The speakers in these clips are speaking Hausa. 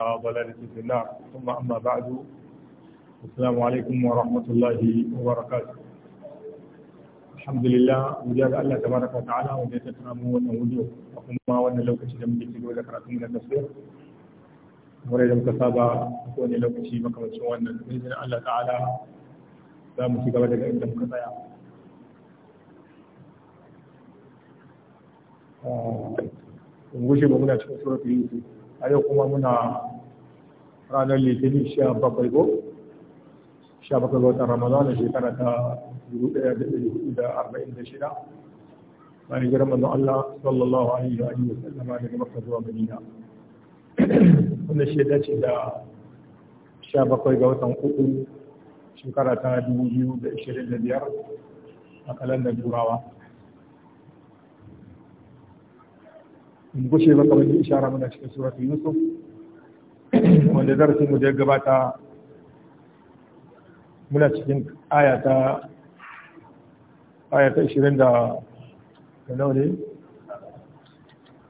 آه، ضلالة في الله ثم أما بعد السلام عليكم ورحمة الله وبركاته الحمد لله وجاب الله تبارك وتعالى وجاب تكرامه وتنوده وكما وانا لو كشي جمد يكتب ذكرات من التفسير وليد مكتابة وانا لو كشي مكما شوانا بإذن الله تعالى لا مسيقى بدك إنت مكتايا آه. وشي بقولها شو يوسف a yau kuma muna ranar litinin sha bakwai ko sha bakwai ga watan ramadana shekara ta dubu daya da ɗari hudu da arba'in da shida bayan jiran manzon Allah sallallahu alaihi wa alihi da daga Makka zuwa Madina wanda shi ya dace da sha bakwai ga watan uku shekara ta dubu biyu da ishirin da biyar a kalandar turawa gushe ba kamar yi ishara muna cikin suratul yusuf wanda darasin mu da ya gabata muna cikin ayata ayata 20 da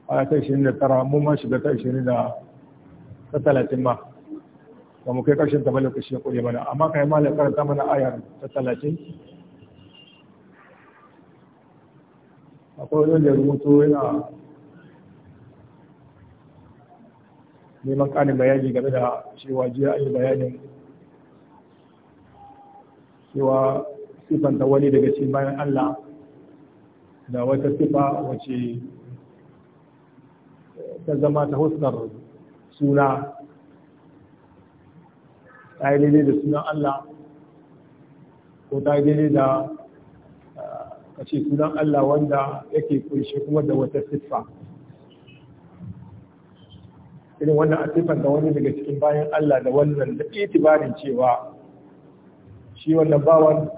ayata 20 da tara mun ma shiga ta 20 da ta 30 ma ba mu kai karshen ta bala shi ya kure mana amma kai malam karanta mana ayar ta 30 akwai wani da rubutu yana neman ƙarin bayani game da cewa jiya a yi bayanin cewa sifanta wani daga cikin bayan Allah da wata sifa wace ta zama ta husnar suna ta yi daidai da sunan Allah ko ta yi daidai da a ce sunan Allah wanda yake kunshi kuma da wata siffa irin wannan asifan da wani daga cikin bayan Allah da wannan da itibarin cewa shi wannan bawan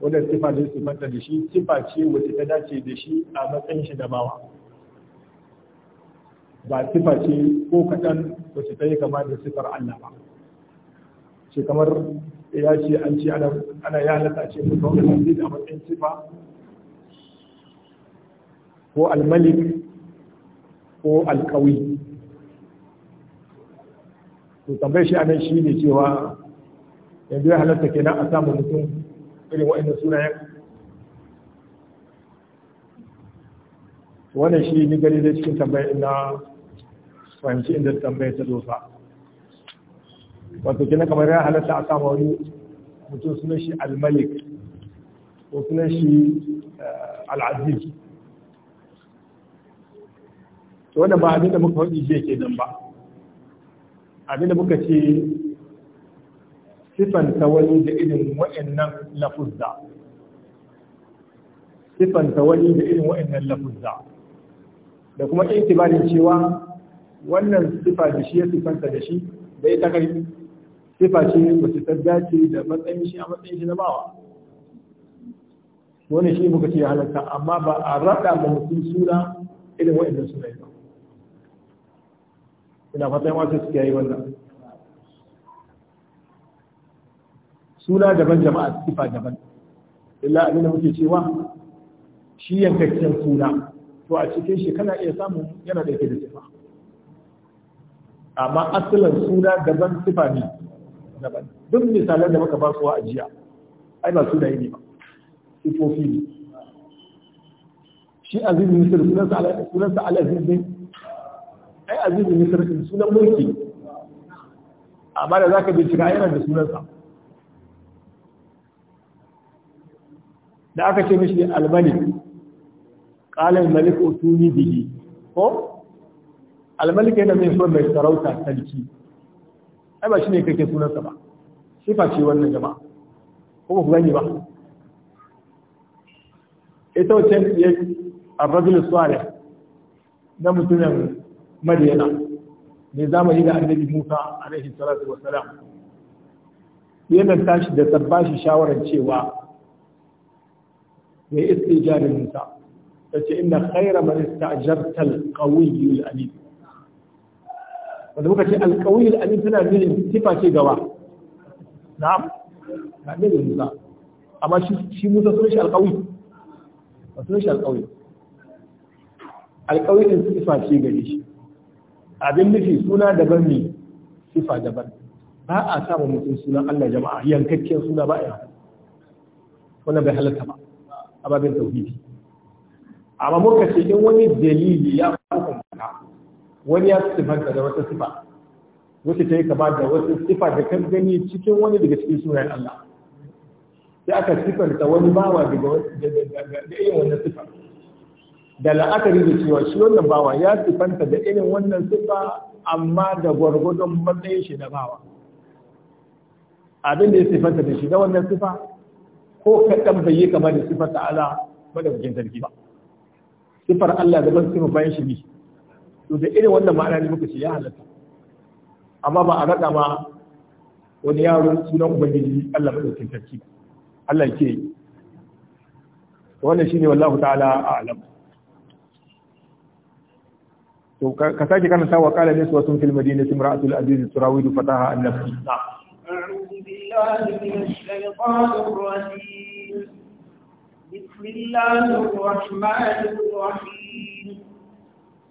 wanda sifa da sifanta da shi sifa ce wacce ta dace da shi a matsayin shi da bawa ba sifa ce ko kaɗan wacce ta yi kama da sifar Allah ba ce kamar ya ce an ce ana ya halatta ce mu kawo da a matsayin sifa ko almalik ko alkawi to tambayar shi anan shi ne cewa yanzu ya halatta kenan a samun mutum irin wa'annan sunayen wannan shi ni gani dai cikin tambayar ina fahimci inda tambayar ta dosa wato kenan kamar ya halatta a samu wani mutum sunan shi al-malik ko sunan shi eh, al to wannan ba a da muka faɗi ke kenan ba abinda muka ce sifanta wani da irin wa'annan lafuzza sifanta wani da irin wa'annan lafuzza da kuma in intibarin cewa wannan sifa da shi ya sifanta da shi da ita kai sifa ce ba su ta dace da matsayin shi a matsayin shi na bawa wani shi muka ce halatta amma ba a raɗa mu mutum suna irin wa'annan suna ba ina fatan wasu su yi wannan suna daban jama'a sifa daban illa abinda muke cewa shi yankakken suna to a cikin shi kana iya samun yana da yake da sifa amma asalin suna daban sifa ne daban duk misalan da muka ba su a jiya ai ba yi ne ba sifofi ne shi aziz sunansa al'aziz azizu misir din sunan mulki amma da zaka bincika yana da sunansa da aka ce mishi al-malik qala al-malik utuni bihi ko al-malik yana mai so mai sarauta sarki ai ba shine kake sunansa ba sifa ce wannan jama'a ko ku gani ba ita wacce ya ar-rajul salih na mutumin madiyana ne zamani da annabi musa alaihi salatu wassalam yana tashi da tabbashi shawarar cewa ya istijari musa ta ce inna khaira man istajartal qawiyyu al-amin wanda muka ce al-qawiyyu al-amin tana nuna sifa ce gawa na'am na ne musa amma shi musa sunan shi al-qawi sunan shi al-qawi alƙawarin sifa ce gare shi abin nufi suna daban ne sifa daban ba a samun mutum sunan Allah jama'a yankakken suna ba a yi wannan bai halatta ba a babin tauhidi amma muka ce in wani dalili ya hukunta wani ya sifanta da wata sifa wata ta yi kama da wata sifa da kan gani cikin wani daga cikin sunayen Allah sai aka sifanta wani bawa daga da irin wannan sifa da la'akari da cewa shi wannan bawa ya sifanta da irin wannan sifa amma da gwargwadon matsayin shi na bawa abin da ya sifanta da shi da wannan sifa ko kaɗan bai yi kama da sifar ta'ala madaukakin sarki ba sifar Allah da ban sifar bayan shi ne to da irin wannan ma'ana ne muka ce ya halatta amma ba a raɗa ma wani yaro sunan ubangiji Allah madaukakin sarki Allah ke wannan shine wallahu ta'ala alamu to ka sake karanta wa qala niswatun fil madinati imra'atul aziz turawidu fataha أعوذ بالله من الشيطان الرجيم بسم الله الرحمن الرحيم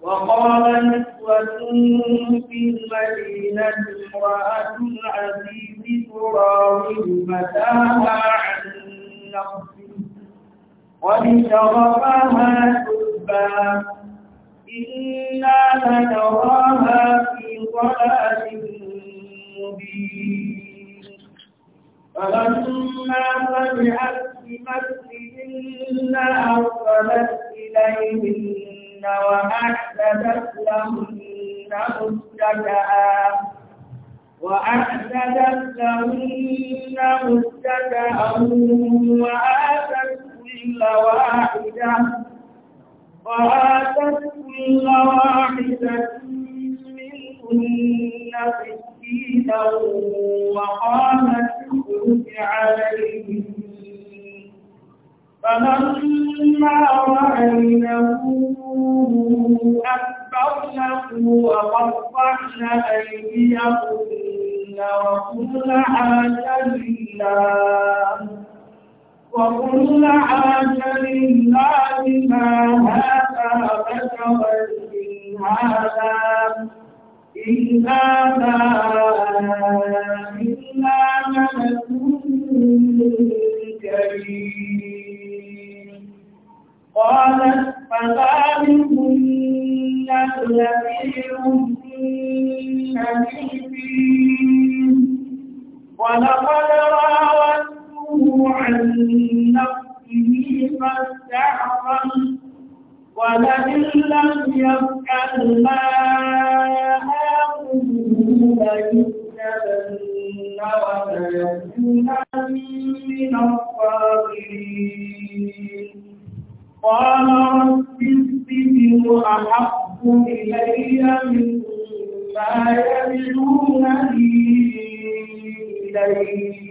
وقال نسوة في المدينة امرأة العزيز تراود فتاها عن نفسه قد شرفها إنا لنراها في ضلال مبين فلما سمعت بمكرهن أرسلت إليهن وأعتدت لهن متكئا وأعتدت لهن متكئا وآتت كل واحدة وآتت كل واحدة منهن سكينا وقامت اخرج عليهم فلما رأينه أكبرنه وقطعن أيديهن وقلن حاشا لله وقل عاش لله ما هذا بشرا إن هذا إن هذا إلا ملك كريم قالت فذلكن الذي أمني فيه ولقد راودت ينزعه عن نفسه ما استعظم ولئن لم يفعل ما آمره ليسجنن وليكونن من الصاغرين قال رب السجن أحب إلي مما يدعونني إليه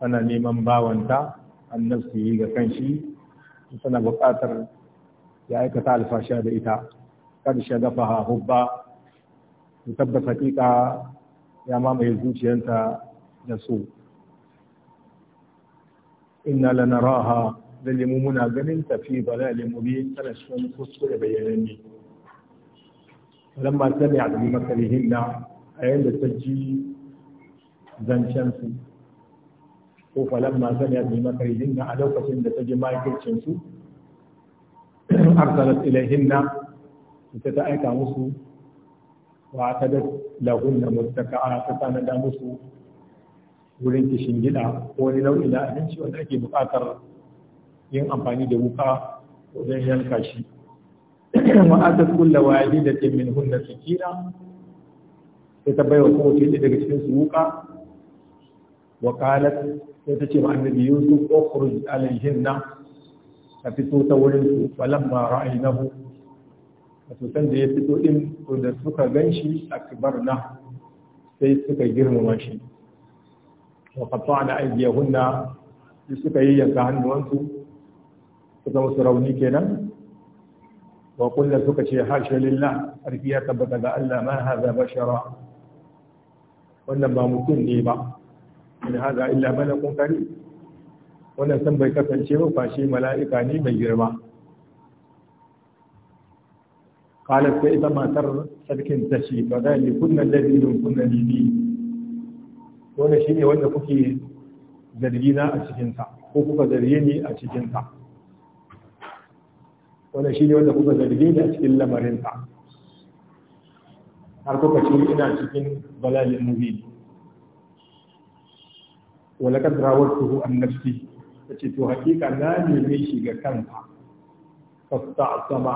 Ana neman bawanta annabci yi ga kanshi tana buƙatar ya aikata alfasha da ita kada shagafa hubba ta tabbata hakika ya mamaye zuciyarta da su inna lanaraha lalle mu muna ganin tafi dalalin mubin tana cikin kuskure bayyananne lamma sami'at bi makarihinna a yayin da ta ji zancensu ko falan ma sani bi makarihin a lokacin da ta ji makircin su arsalat ilaihinna ita ta aika musu wa ta da lahunna mustaka'a ta tanada musu wurin kishin gida ko wani nau'i na abinci wanda ake bukatar yin amfani da wuka wajen yanka shi wa atat kullu wahidatin min hunna sikira sai ta wa kowace daga cikin su wuka wa qalat sai ta ce ma annabi yusuf ukhruj alayhinna ka fito ta wurin su falamma ra'aynahu wato san da ya fito din ko da suka ganshi akbarna sai suka girmama shi wa qatta'na aydiyahunna suka yi yanka hannuwansu suka musu rauni kenan wa kullu suka ce hasha lillah arfiya tabbata ga Allah ma hadha bashara wannan ba mutum ne ba in haza illa malakun kari wannan san bai kasance ba shi mala'ika ne mai girma قالت فإذا ba za ne تشي فذلك كنا الذي كنا ne. وانا شيني wanda kuke zargina a cikinsa ko kuka zargi ni a cikinsa wanda shi ne wanda kuka zargi a cikin lamarinsa har kuka ce ina cikin balalin mubini wala kad rawartuhu an nafsi ce to hakika na neme shi ga kanta. kansa fasta'sama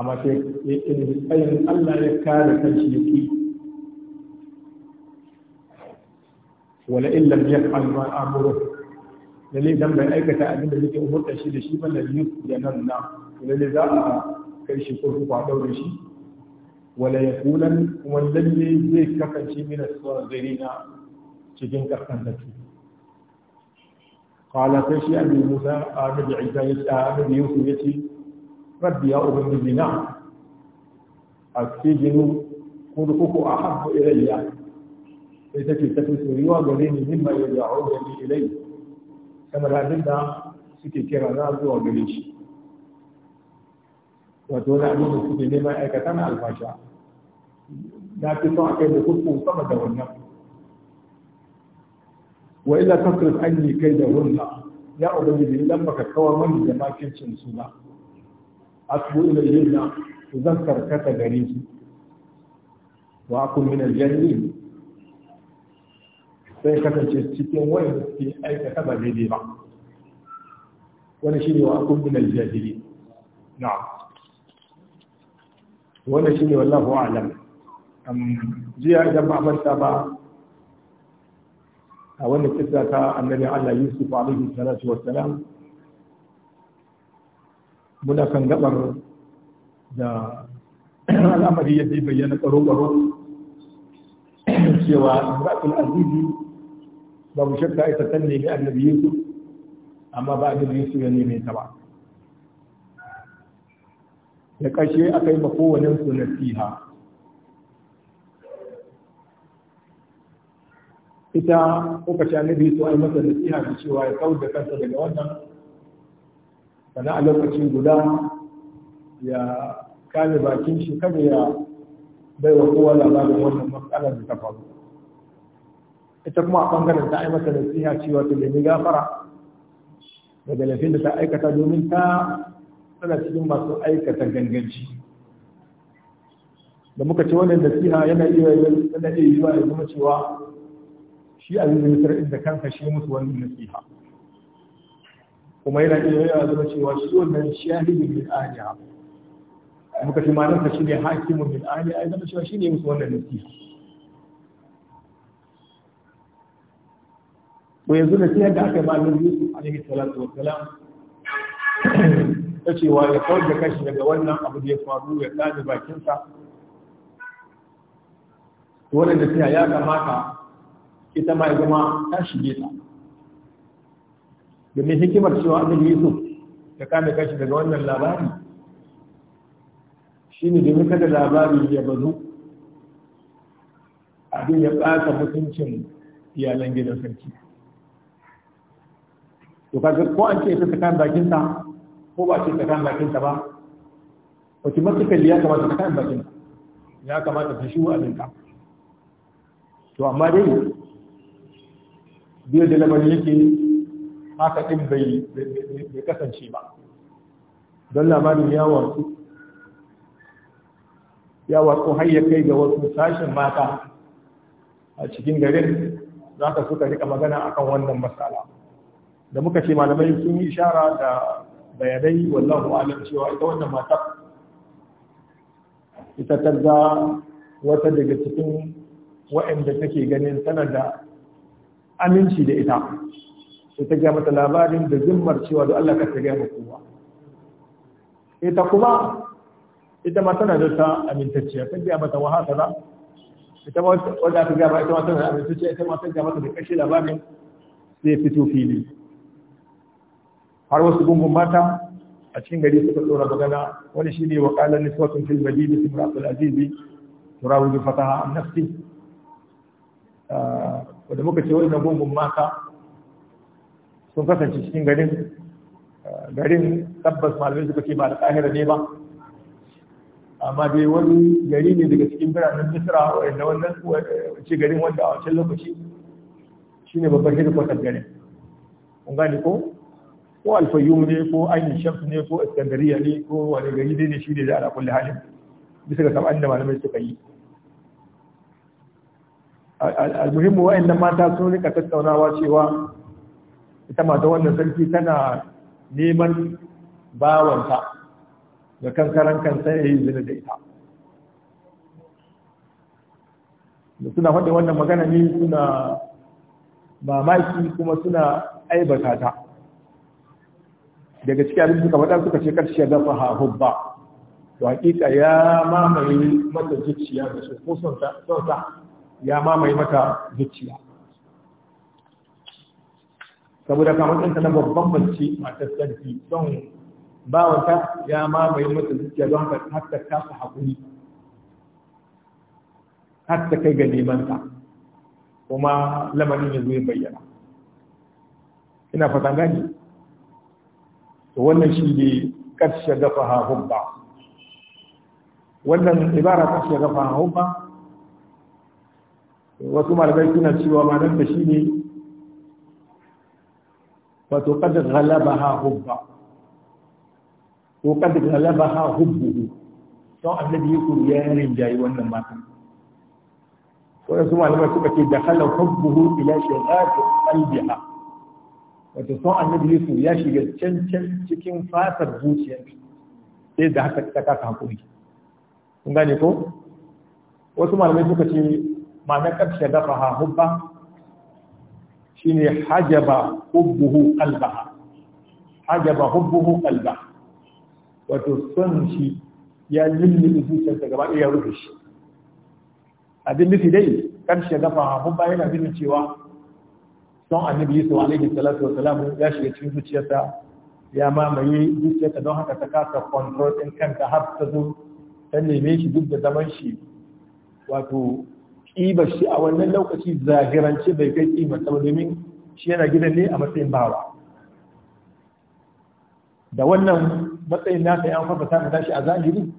amma sai in tsayin Allah ya kare kanshi yake wala in lam yaf'al ma amuru lalle idan bai aikata abin da yake umurta shi da shi ba da nan na lalle za a kai shi ko a daure shi wala yakunan kuma lalle zai kasance min tsawon sadirina cikin kaskantattu kala sai shi annabi musa annabi isa ya ce annabi yusuf ya ce rabbi ya ubangiji na a cikin kurkuku a habbu ilayya sai take ta fi soyuwa gare ni mimma ya da'u da ni ilai kamar abin da suke kira na zuwa gare shi wato wani abin da suke neman aikata na alfasha na fi son a da kuku sama da wannan wa تصرف عني da هنا ya أبني idan baka kawar mani جماكين makincin أتبو ba asbu تذكر zan karkata gare su wa akun min aljanni sai kasance cikin aikata ba daidai ba wani shine wa akun aljahili na'am Wani shine wallahu a'lam jiya idan ba manta ba a wanda kisa ta annabi Allah Yusuf alaihi salatu wassalam muna kan gabar da al'amari ya bi bayyana tsaro-tsaro cewa imratul azizi ba mu shakka ita ta nemi annabi Yusuf amma ba annabi Yusuf ya neme ta ba da kashe aka yi kowane su nasiha ita kuka ci annabi to ai masa nasiha da cewa ya kawo da kansa daga wannan sannan a lokacin guda ya kame bakin shi kada ya bai wa kowa labarin wannan matsalar da ta faru ita kuma a bangaren ta ai masa nasiha cewa ta nemi gafara daga laifin da ta aikata domin ta tana cikin masu aikata ganganci da muka ce wannan nasiha yana iya yana iya yiwa ya zama cewa shi a yi misir inda kanka shi musu wani nasiha kuma yana iya yawa zama cewa shi wannan shi shahidin min aliya muka fi malansa shi ne hakimin min aliya ya zama cewa shi ne musu wannan nasiha ko yanzu da siyar da aka yi ma'anar a yi salatu wa salam ta cewa ya kawar da kashi daga wannan abu da ya faru ya tsani bakinsa wannan nasiha siya ya kamata ita ma ya zama ta shige ta domin hikimar cewa annabi yusuf ya kame kashi daga wannan labari ne domin kada labari ya bazu abin ya ɓata mutuncin iyalan gidan sarki to kaga ko an ce ta kan bakin ta ko ba ce tsakan bakin ta ba automatically ya kamata ta bakin ta ya kamata ta shi wa'azin ka to amma dai biyu da lamari yake haka ɗin bai kasance ba don labarin ya wasu ya kai ga wasu sashen mata a cikin garin za ka suka rika magana akan wannan matsala da muka ce malamai sun yi ishara da bayanai wallahu alam cewa ita wannan matar ita ta za wata daga cikin wa'anda take ganin tana da aminci da ita sai ta gaya mata labarin da zimmar cewa da Allah ka ta gaya kowa ita kuma ita ma tana da ta amintacciya ta gaya mata wa haka ita ma wanda ta gaya ita ma tana da amintacciya ita ma ta gaya mata da kashe labarin sai fito fili har wasu gungun mata a cikin gari suka tsora magana wani shi ne wa ƙalar nisbatun fil majidi simra abdul azizi turawu fataha an nafsi ah, wanda muka ce wani gungun mata sun kasance cikin garin eh, garin tabbas malamai suka ce ba da ƙahira ne ba amma dai wani gari ne daga cikin biranen misra wanda wannan ce garin wanda a wancan lokaci shi ne babban kwatar garin kun gane ko ko alfayyum ne ko ainihin shamsu ne ko iskandariya ne ko wani gari ne shi ne da ala kulli halin bisa ga sab'an da malamai suka yi almuhimmu wa'annan mata sun rika tattaunawa cewa ita mata wannan sarki tana neman bawanta da kankaran kansa ya yi zina da ita da suna faɗin wannan magana ne suna mamaki kuma suna aibata ta daga cikin abin suka faɗa suka ce karshe ya ha hubba to hakika ya mamaye mata zuciya da su ko son ta ya mamaye mata zuciya saboda kamatsinta na babban mace matar sarki don bawanta ya mamaye mata zuciya don haka ta su haƙuri har kai ga nemanta kuma lamarin ya zo ya bayyana ina fatan gani to wannan shi ne ƙarshe gafa hubba wannan ibara ƙarshe gafa hubba wasu malamai suna cewa malam da shi ne wato kada galaba ha hubba ko kada galaba ha hubbu to annabi ya kuru ya rinjaye wannan matan wasu malamai suka ce da halar hubbu ila shagatu qalbiha wato son annabi Yesu ya shiga cancan cikin fatar zuciyar sai da haka ta ka hakuri kun gane ko wasu malamai suka ce ma'ana kad shagafaha hubba ne hajaba hubbuhu qalbaha hajaba hubbuhu qalbaha wato son shi ya lulluɓe zuciyarsa gaba ɗaya ya rufe shi A nufi dai kan shagafaha hubba yana nufin cewa son annabi yusuf alaihi salatu wa salamu ya shiga cikin zuciyarsa ya mamaye zuciyarsa don haka ta kasa control ɗin kanta har ta zo ta neme shi duk da zaman shi wato ƙibar shi a wannan lokaci zagirance bai kai ƙibar ta domin shi yana gidan ne a matsayin bawa da wannan matsayin nasa ya fafa ta tashi a zahiri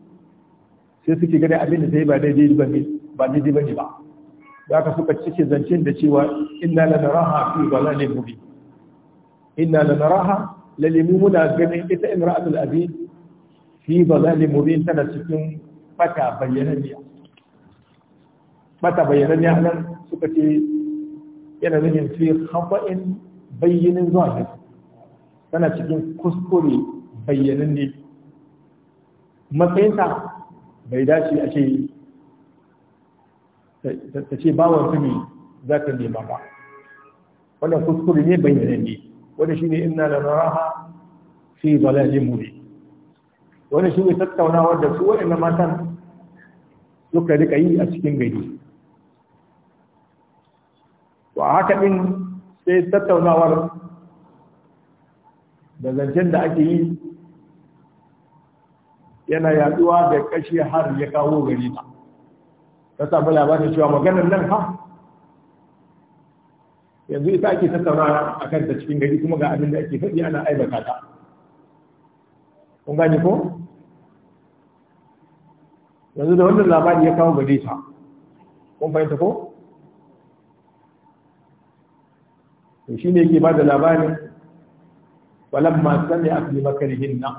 sai suke gani abin da zai ba daidai ba ne ba daidai ba ne ba da aka suka cike zancen da cewa inna la naraha fi dalalin mubin inna la naraha lalimu muna ganin ita imra'atul abi fi dalalin mubi tana cikin fata bayyana ne mata bayyanan ya nan suka ce yana nufin fi hafa'in bayyanin zuwa ne tana cikin kuskure bayyanin ne matsayinta bai dace a ce ta ce bawon su ne za ta nema ba wannan kuskure ne bayyanin ne wani shi ne ina da raha fi zalajin muri wani shi ne tattaunawar da su waɗanda matan suka rika yi a cikin gari to a haka din sai tattaunawar da zancen da ake yi yana yaduwa da kashi har ya kawo gari ta ta samu labarin cewa maganar nan ha yanzu ita ake tattauna a kan ta cikin gari kuma ga abin da ake faɗi ana aibata ta kun gane ko yanzu da wannan labari ya kawo gari ta kun fahimta ko to ne yake bada labarin walamma fi bi nan?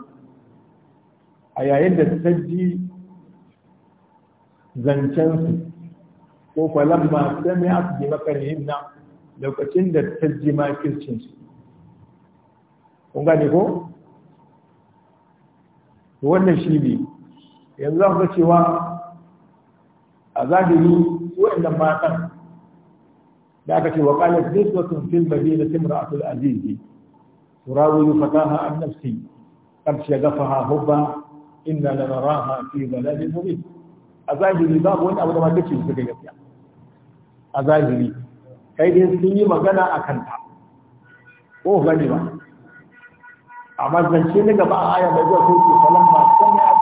a yayin da ta ji zancen su ko falamma fi bi nan lokacin da ta ji makircinsu kun gane ko wannan shi ne yanzu za ku cewa a zahiri waɗannan matan da aka ce wa qalat nisbatun fil madinati imra'atul aziz turawidu fataha an nafsi qad shagafaha hubba inna lanaraha fi dalalin mubin a zahiri babu wani abu da ma kace su gaskiya a zahiri kai dai sun yi magana a kanta ko gani ba amma zance ne gaba a aya mai zuwa sai ce falan ba san ya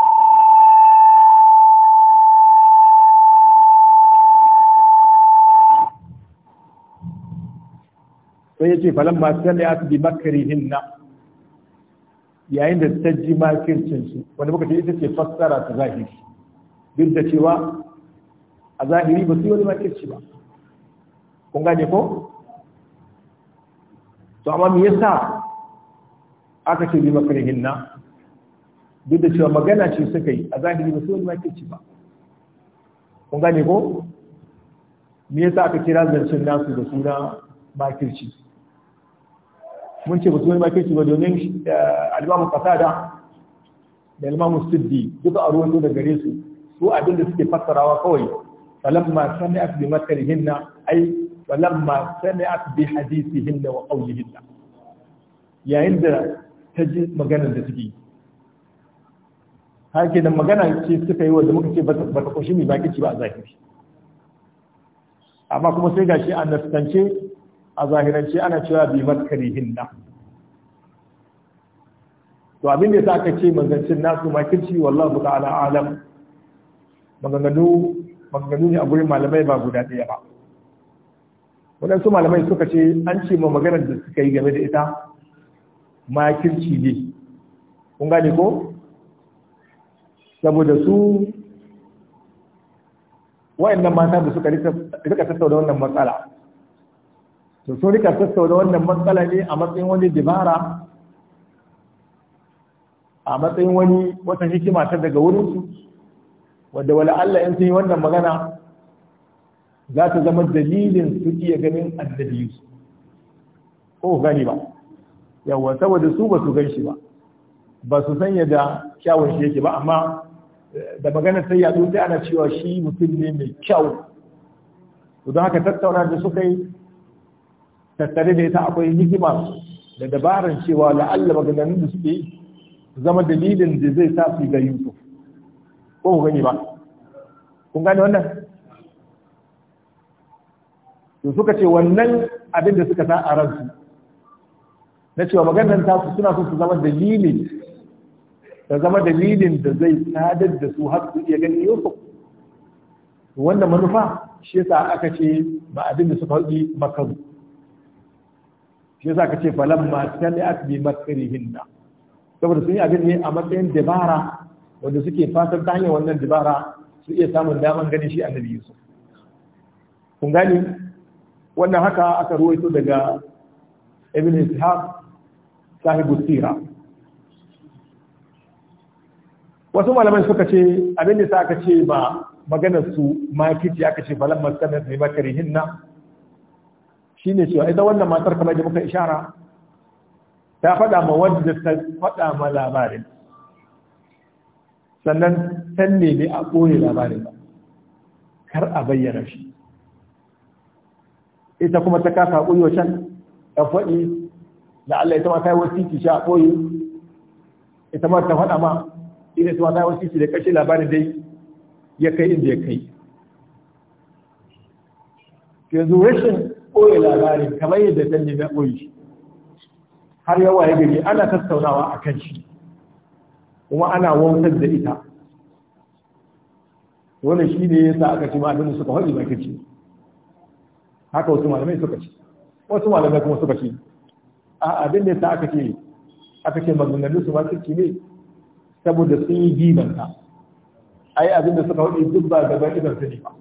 sai ya ce falan masu sai ya bi makarihin na yayin da ta ji makircin su wanda muka ce ita ce fassara ta zahiri duk da cewa a zahiri ba su yi wani makirci ba kun gane ko to amma me yasa aka ce bi makarihin na duk da cewa magana ce suka yi a zahiri ba su yi wani makirci ba kun gane ko me yasa aka kira zancen nasu da suna makirci mun ce ba su wani makirci ba domin eh, alimamu fasada da alimamu siddi duka a ruwan da gare su su abinda suke fassarawa kawai falamma sami'at bi makarihinna ai falamma sami'at bi hadisihinna wa qawlihinna yayin da ta ji maganar da suke hake da magana ce suka yi wanda muka ce ba ta koshi mai bakici ba a zahiri amma kuma sai gashi a nasitance a zahirance ana cewa bi na. to abin da aka ce mazancin nasu makirci wallahu ta'ala alam maganganu maganganu ne a gurin malamai ba guda ɗaya ba waɗansu malamai suka ce an ce ma maganar da suka yi game da ita makirci ne kun gane ko saboda su wa'annan mata da suka rika tattauna wannan matsala to so rika tattauna wannan matsala ne a matsayin wani dibara a matsayin wani wata hikima ta daga wurinsu wadda wala Allah in sun yi wannan magana za ta zama dalilin su iya ganin annabi su ko gani ba yawa saboda su ba su gan shi ba ba su sanya da kyawun shi yake ba amma eh, da magana sai ya sai ana cewa shi mutum ne mai kyau to don haka tattauna da suka yi tattare da ita akwai hikima da dabaran cewa la'alla maganganun da suke zama dalilin da zai sa su ga Yusuf ko ku gani ba kun gane wannan to suka ce wannan abin da suka sa a ransu na cewa maganar ta su suna so su zama dalili da zama dalilin da zai sadar da su har su iya gani Yusuf wannan manufa shi yasa aka ce ba abin da suka haɗi makaru shi yasa kace sani sami'at bi makrihinna saboda sun yi abin ne a matsayin dabara wanda suke fatan ta hanyar wannan dabara su iya samun daman ganin shi annabi Yusuf kun gani wannan haka aka ruwaito daga Ibn Ishaq sahibu sira wasu malamai suka ce abin da sa aka ce ba maganar su kici aka ce sani sami'at bi shine cewa ita wannan matar kamar da muka ishara ta faɗa ma wadda ta faɗa ma labarin sannan san ne a ɓoye labarin ba kar a bayyana shi ita kuma ta kasa ɓoye can ta faɗi da Allah ita ma ta yi wasiki shi a ɓoye ita ma ta faɗa ma ita ta yi wasiki da ƙarshe labarin dai ya kai inda ya kai yanzu rashin koyi labarin kamar yadda danne na ɓoye har yawa ya gari ana tattaunawa a kan shi kuma ana wanzar da ita Wani shi ne ya sa aka ce malamin suka haɗi bakin ce haka wasu malamai suka ce wasu malamai kuma suka ce a abin da ya sa aka ce aka ce maganganun su masu ne saboda sun yi gibanta ai abin da suka haɗi duk ba gaban idan su ne ba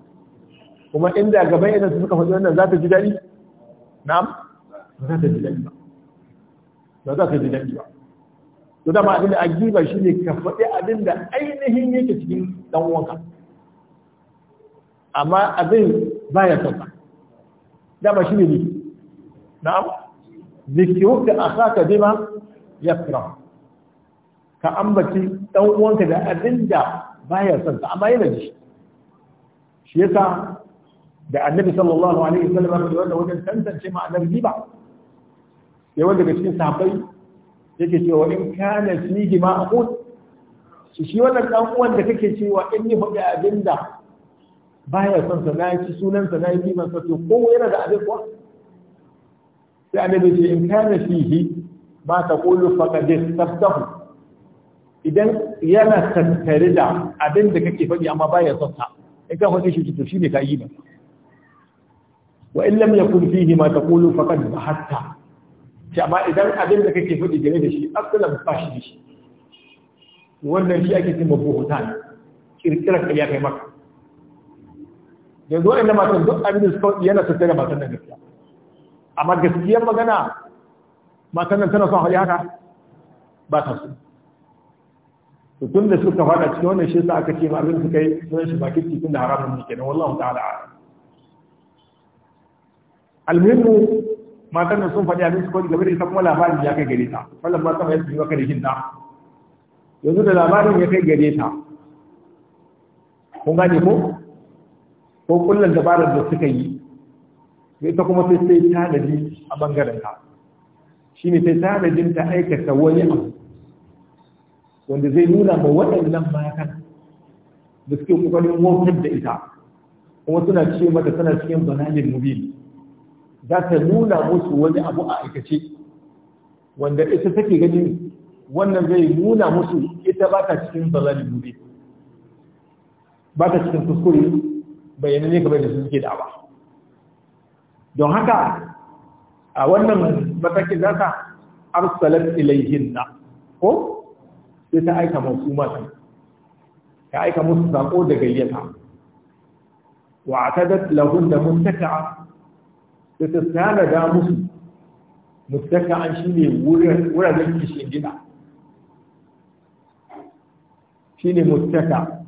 kuma inda gaban idan su suka faɗi wannan za ta ji daɗi na'am ba za ta ji daɗi ba ba za ka ji daɗi ba to dama abin da agiba shine ka faɗi abin da ainihin yake cikin ɗan uwanka amma abin ba ya son sauka dama shine ne na'am zikiru da akhaka ya yakra ka ambaci ɗan uwanka da abin da ya son ka amma yana ji shi yasa da annabi sallallahu alaihi wasallam da wanda wajen tantance ma'anar riba ya wanda daga cikin sahabbai yake cewa in kana fihi ma aqul shi shi wannan dan uwan da kake cewa in ni faɗi abinda baya son sa na ci sunan sa na yi kiman sa to ko yana da abin kuwa sai annabi ce in kana fihi ba ta qulu faqad istaftahu idan yana tattare da abin da kake faɗi amma baya son sa in ka faɗi shi to shi ne ka yi ba wa illam yakun fihi ma taqulu faqad bahatta ce amma idan abin da kake faɗi gare da shi aslan ba shi shi wannan shi ake cewa buhutan kirkira kai ya kai maka yanzu wa'anda matan duk abin da suka yana tattara matan nan gaskiya amma gaskiyar magana matan nan tana son hali haka ba ta so to tun da suka faɗa cikin wannan shi yasa aka ce ma abin su kai sunan shi ba kici tun da haramun ne kenan wallahu ta'ala almuhimmu matan da sun faɗi abin su kodi game da ita kuma labarin ya kai gare ta wannan ma sama ya yi maka rikin ta yanzu da labarin ya kai gare ta kun gane ko ko kullum dabarar da suka yi sai ta kuma sai sai tanadi a bangaren ta ne sai tanadin ta aikata wani abu wanda zai nuna ma waɗannan matan da suke kokarin wautar da ita kuma suna cikin mata suna cikin banalin mubin za ta nuna musu wani abu a aikace wanda ita take gani wannan zai nuna musu ita ba ta cikin zalali gobe ba ta cikin kuskure bayanan ne kamar da su suke da'awa don haka a wannan matakin za ta arsalat na, ko sai ta aika masu matan ta aika musu sako da gayyata wa atadat lahun da taka? da ta da musu mutaka an shi ne wuraren kishin gida shi ne mutaka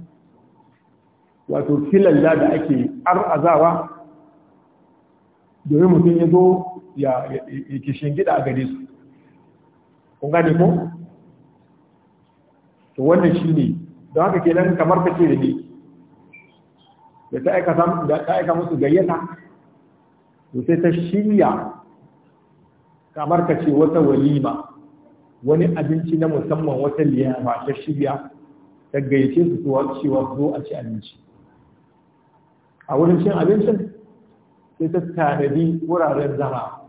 wato filalla da ake ar'azawa domin mutum ya zo ya kishin gida a gare su kun gane ko? to wannan shi ne don haka kenan kamar kake da ne da ta aika musu gayyata to sai ta shirya kamar ka ce wata walima wani abinci na musamman wata liyafa ta shirya ta gaice su zuwa cewa zo a ci abinci a wurin cin abincin sai ta tanadi wuraren zama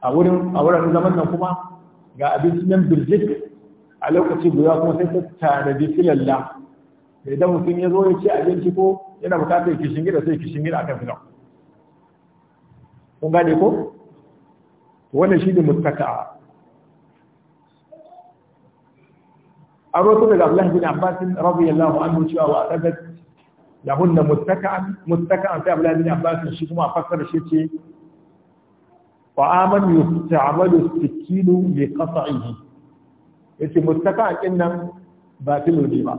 a wurin a wuraren zaman nan kuma ga abincin nan birjik a lokaci guda kuma sai ta tanadi filalla da idan mutum ya zo ya ci abinci ko yana bukatar kishin gida sai kishin gida akan filan kun gane ko wannan shi ne mutaka. an rotu daga Abdullahi bin Abbas radiyallahu anhu cewa wa aqadat lahunna mustaka'an mustaka'an sai Abdullahi bin Abbas shi kuma fasar shi ce wa amanu yusta'malu as-sikinu li qat'ihi yace mustaka'an kin nan ba tilo ne ba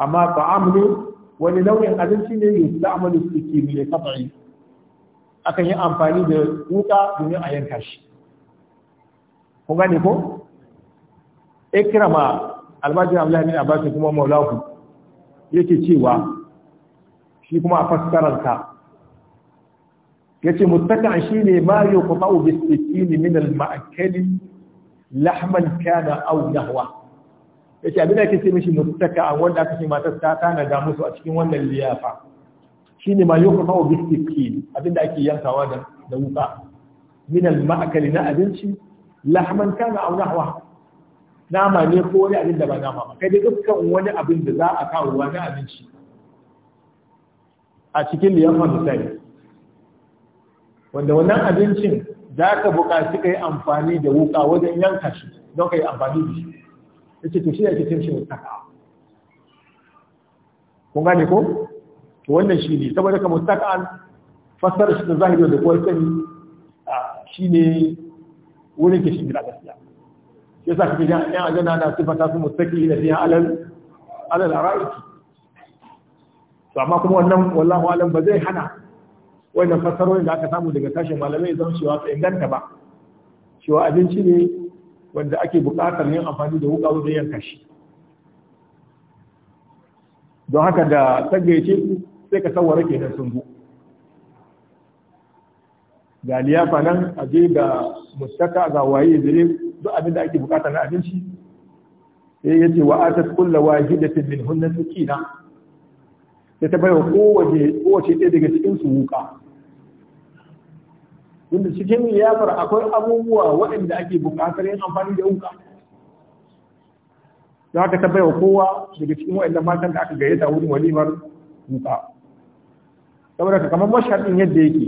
amma ta'amlu wani nau'in abinci ne yusta'malu as-sikinu li qat'ihi akan yi amfani da wuta domin a yanka shi kun gane ko ikrama almajin abdullahi bin abbas kuma maulahu yake cewa shi kuma a fassarar ka yace shi shine ma yuqta'u bis sikin min al ma'akali lahman kana aw Ya yace abin da yake ce mishi muttaka wanda aka ce matar ta tana da musu a cikin wannan liyafa ne ma kuma ma'u bistikin abinda ake yankawa da da wuka min al ma'akali na abinci lahman kana aw nahwa nama ne ko wani abin da ba nama ba kai dai dukkan wani abin da za a kawo na abinci a cikin liyafa misali wanda wannan abincin za ka buƙaci ka yi amfani da wuka wajen yanka shi don ka yi amfani da shi ya ce to shi ne ake cin shi wuka kun gane ko to wannan shi ne saboda ka mustaqal fasar shi da zahiri da kuwa sani shi ne wurin ke shimfiɗa gaskiya ya sa kake jan yan ajana na sifata su mustaqi da fiye alal alal ra'iki to amma kuma wannan wallahu alam ba zai hana wannan fasarorin da aka samu daga tashin malamai zan cewa su inganta ba cewa abinci ne wanda ake buƙatar yin amfani da wuƙa wajen yanka shi don haka da tsagaice ku sai ka ke kenan sun zo ga liyafa nan a je ga mustaka ga waye zire duk abin da ake bukata na abinci sai ya ce wa atat da wahidatin min hunna sakina sai ta bayan kowace kowace ɗaya daga cikin su wuka inda cikin liyafar akwai abubuwa waɗanda ake bukatar yin amfani da wuka za ka ta bayar kowa daga cikin waɗanda matan da aka gayyata wurin walimar wuka saboda ka kamar mashaɗin yadda yake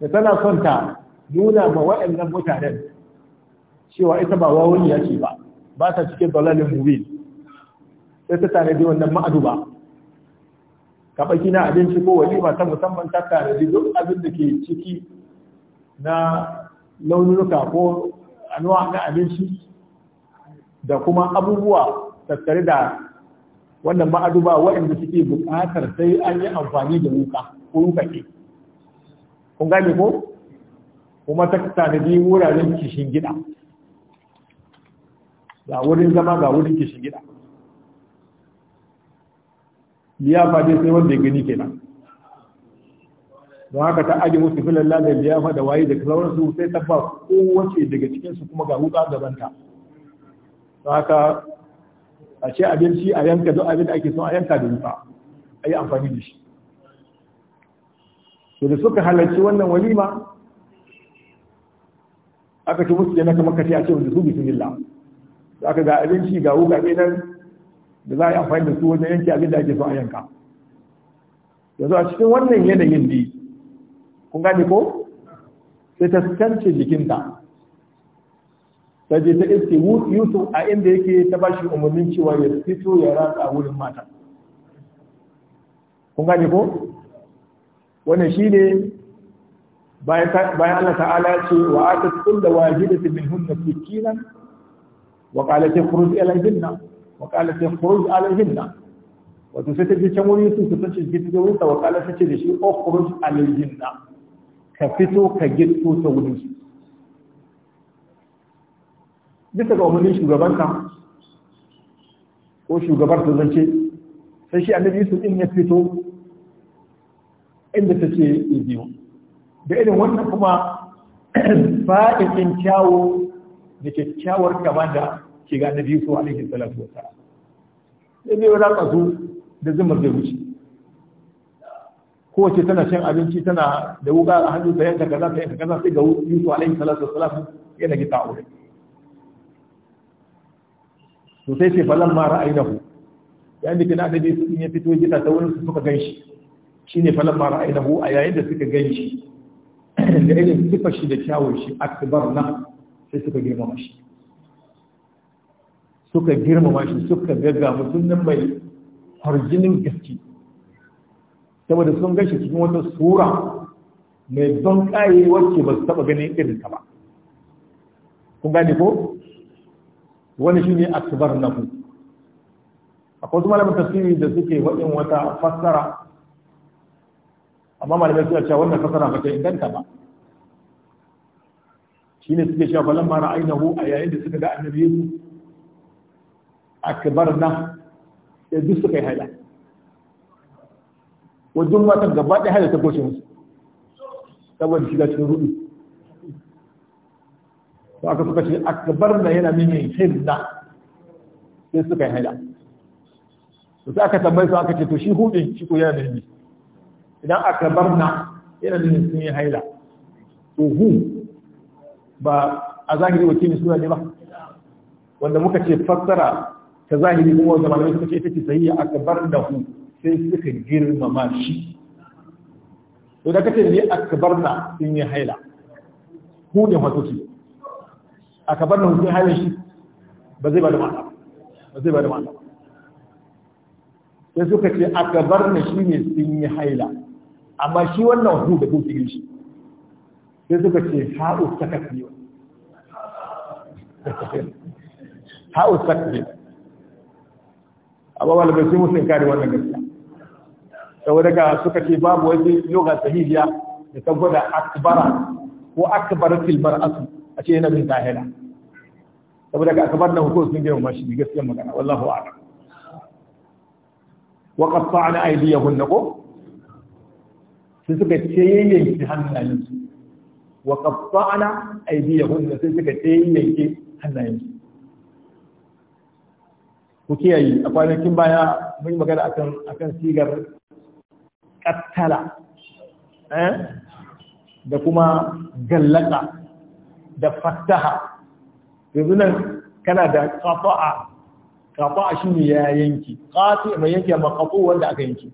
da tana son ta nuna ma waɗannan mutanen cewa ita ba wawon ya ce ba ba ta cikin dalilin mubin sai ta tare da wannan ma'adu ba ka baki na abinci ko ba ta musamman ta tare da abin da ke ciki na launuka ko anuwa na abinci da kuma abubuwa tattare da wannan ma'aduba waɗanda suke buƙatar sai an yi amfani da wuka ko wuka ke kun gane ko kuma ta tanadi wuraren kishin gida ga wurin zama ga wurin kishin gida liyafa dai sai wanda ya gani kenan don haka ta aji musu filan da liyafa da waye da sauransu sai ta ba kowace daga cikinsu kuma ga wuka gabanta don haka a ce abinci a yanka don abin da ake son a yanka da wuta a yi amfani da shi to da suka halarci wannan walima aka ci musu kamar kashi a ce wanda su bismillah za ka ga abinci ga wuka nan da za a yi amfani da su wajen yanki abin da ake son a yanka yanzu a cikin wannan yanayin ne kun gane ko sai ta tantance jikinta ta je ta iske yusuf a inda yake ta bashi umarnin cewa ya fito ya ratsa a wurin mata kun gane ko wannan shine bayan Allah ta'ala ce wa aka kulla wajidatin min hunna sikinan wa ta khuruj ila jinna wa ta khuruj ala jinna wato sai ta ji can wani ta ce ki fito ta wa qalat ta ce da shi khuruj ala jinna ka fito ka gitto ta wurin bisa ga umarnin shugabanka ko shugabar ta zance sai shi annabi yusuf din ya fito inda ta ce biyu da irin wannan kuma fa'idin kyawo da kyakkyawar gaba da ke ga annabi yusuf alaihi salatu wa salam sai zai wadatar su da zumar da wuce kowace tana shan abinci tana da wuka a hannu ta yanka kaza ta yanka kaza sai ga yusuf alaihi salatu wa salam yana gita aure to sai ce falan ma ra'ainahu ya ni kina da sun ya fito gita ta wurin su suka ganshi shine falan ma ra'ainahu a yayin da suka ganshi da irin sifar shi da kyawun shi akbar na sai suka girmama shi suka girmama shi suka gaga mutum nan mai harjinin gaske saboda sun gashi cikin wata sura mai don kaye wacce ba su taba ganin irin ta ba kun gane ko wani shine akbar ku akwai wasu malamin tasiri da suke waɗin wata fassara amma malamai suna cewa wannan fassara ba ta inganta ba ne suke cewa falan aina ra'aynahu a yayin da suka ga annabi Yesu akbar na ya duk suka yi haila wajen matan gaba ɗaya haila ta goce musu saboda shiga cikin rudu to aka suka ce akbar na yana mini hinna sai suka yi haila to sai aka tambaye su aka ce to shi hudin shi ko yana mini idan akbar na yana mini sun yi haila to hu ba a zahiri wakilin suna ne ba wanda muka ce fassara ta zahiri kuma wanda malamai suka ce ita ce sahiya akbar da hu sai suka girmama shi to da kace ne akbar na sun yi haila hu ne wato a kabar na hukun halin shi ba zai ba da ma'ana ba zai ba da ma'ana sai suka ce a kabar na shi ne sun yi haila amma shi wannan hu da kun yi shi sai suka ce ha'u sakasiyo ha'u sakasiyo amma malamai sai musu kare wannan gaskiya saboda ga suka ce babu wani loga sahihiya da ta gwada akbara ko akbaratil asu. a ce yana bin tahila saboda ka akabar na hukumar sun girma shi gaskiyar magana wallahu a'lam wa qatta'na aydiyahum ko sai suka tayyanke hannayensu wa qatta'na aydiyahum sai suka tayyanke hannayensu ku kiyaye a kwanakin baya mun yi magana akan akan sigar kattala eh da kuma gallaka da fataha. yanzu nan kana da kafa'a. Kafa'a shi ne ya yanki qati mai yanki amma qatu wanda aka yanki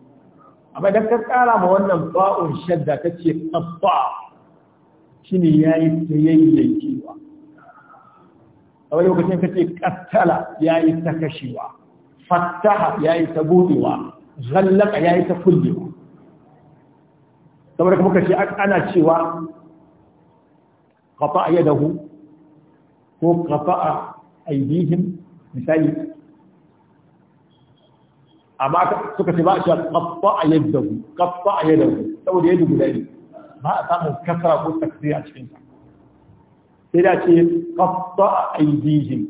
amma idan ka kara ma wannan ba'un shadda kace qata'a shine yayi tayayyankiwa a wani lokacin kace qattala yayi takashiwa fattaha yayi tabudewa ya yi ta kullewa Kamar kuma kace ana cewa qata yadahu ko qata aydihim misali amma suka ce ba a cewa qata yadahu qata yadahu saboda yadu guda ne ba a samu kasra ko takfir a cikin sa sai da ce qata aydihim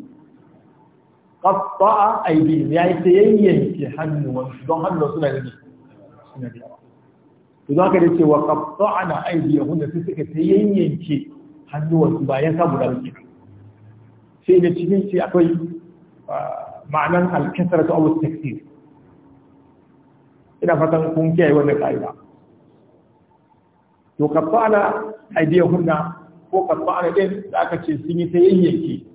qata aydihim yayi sai yayyanke don hannuwansu suna suna to za ka cewa qata'na aydiyahunna sai suka ta yayyanke ba ya samu da wuce sai da cikin shi akwai ah, ma'anan alkasar ta abu taksir ina fatan kun kiyaye wannan ka'ida to kafa ana aidiyar hunna ko kafa ana ɗin da aka ce sun yi ta yayyanke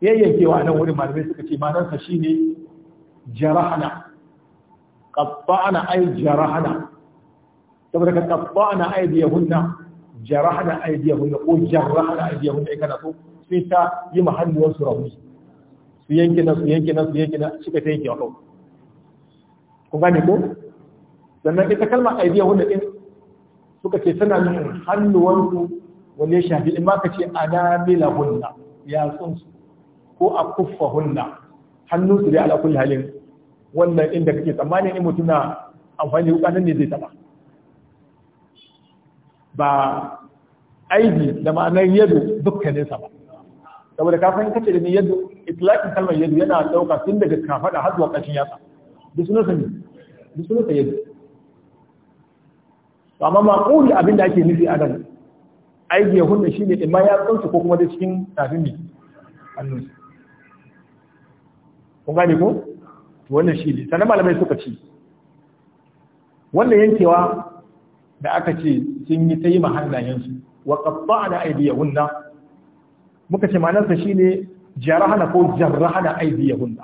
yayyankewa nan wani malamai suka ce ma'anarsa shine jarahana kafa ana ai jarahana saboda ka kafa ana aidiyar hunna jarahna aydiyahunna ko jarahna aydiyahunna ai kana so sai ta yi mahalliyar su rauni su yanke na su yanke na su yanke na suka ta yanke wato kun gane ko sannan ita kalmar aydiyahunna din suka ce tana nufin hannuwan su wani shafi in ma ka ce anamilahunna yatsunsu ko a kuffahunna su dai ala kulli halin wannan inda kake tsammanin in mutuna na amfani da ne zai taba ba aibi da ma'anar yadu dukkanin sa ba saboda kafin kace da ni yadu itlaqin kalmar yadu yana dauka tun daga kafada har zuwa kashin yatsa duk sunan sa ne duk sunan sa yadu to amma maquli abin da ake nufi a nan aibi ya hunna shine in ma ya tsantsu ko kuma da cikin tafin ne hannun kun gane ko wannan shi ne sannan malamai suka ce wannan yankewa da aka ce sun yi ta yi mahallayensu wa qatta'na aydiyahunna muka ce ma'anar sa shine jarahana ko jarahana aydiyahunna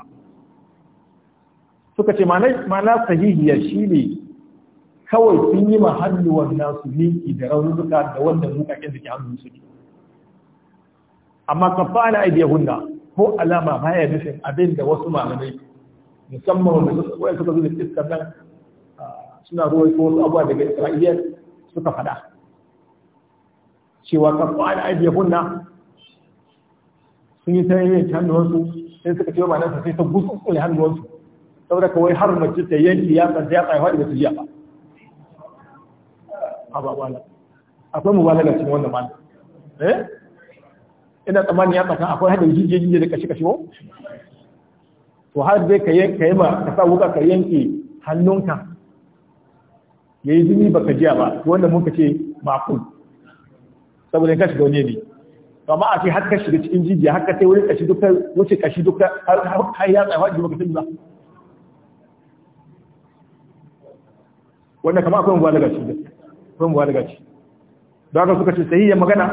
suka ce ma'ana ya shine kawai sun yi mahalluwan nasu linki da raunuka da wanda muka da ke hannun suke amma qatta'na aydiyahunna ko alama baya nufin abin da wasu malamai musamman wanda suka zo da iskar ah, suna ruwa ko wasu abuwa daga isra'iliyar suka fada cewa kafa da ajiye hunna sun yi ta yanke hannuwansu sai suka ce ba nan sai ta gutsutsune hannuwansu saboda kawai har mace ta yanki ya tsanta ya tsaye faɗi da su jiya ba a babala akwai mubalaga cikin wannan mana eh ina tsammanin ya tsaka akwai hada jijiye jijiye da kashe-kashe ko to har dai ka yi ma ka sa wuka ka yanke hannunka yayi jini baka jiya ba wannan muka ce ma'qul saboda ka kashi wani ne to amma a ce har ka shiga cikin jijiya har ka sai wani kashi duka wuce kashi duka har ya tsaye wajen maka sani ba wanda kama akwai mubuwa daga ci da akwai mubuwa daga ci da haka suka ce sahiyyar magana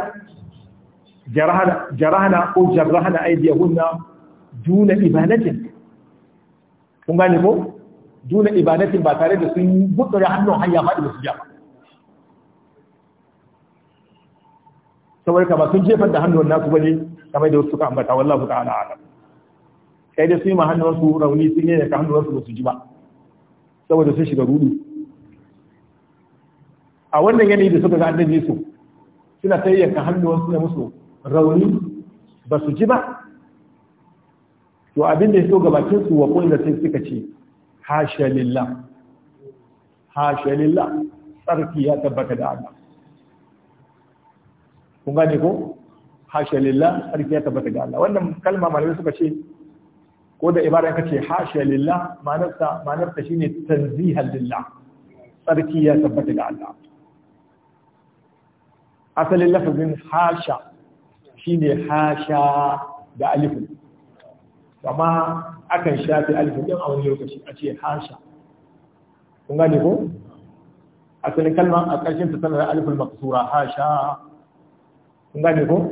jarahana ko jarahana aidiyahunna duna ibanatin, kun gane ko duna ibanatin ba tare da sun yi gudu da hannun hanya faɗi da su jama saboda ka ba sun jefa da hannun nasu bane kamar da wasu suka ambata wallahu ta'ala alam kai dai su yi ma hannun su rauni sun yi ka hannun su ba su ji ba saboda sun shiga rudu a wannan yanayi da suka ga annabi su suna ta yanka hannun su ne musu rauni ba su ji ba to abin da ya so gabatin su wa kullu sai suka ce hasha lillah hasha lillah sarki ya tabbata da Allah kun gane ko hasha lillah sarki ya tabbata ga Allah wannan kalma malamai suka ce ko da ibada ka ce hasha lillah ma'anarsa ma'anarsa shine tanzihan lillah sarki ya tabbata ga Allah asalin lafazin hasha shine hasha da alif amma akan shafi alif din a wani lokaci a ce hasha kun gane ko asalin kalma a ƙarshen ta sanar al-maqsura hasha kun gane ko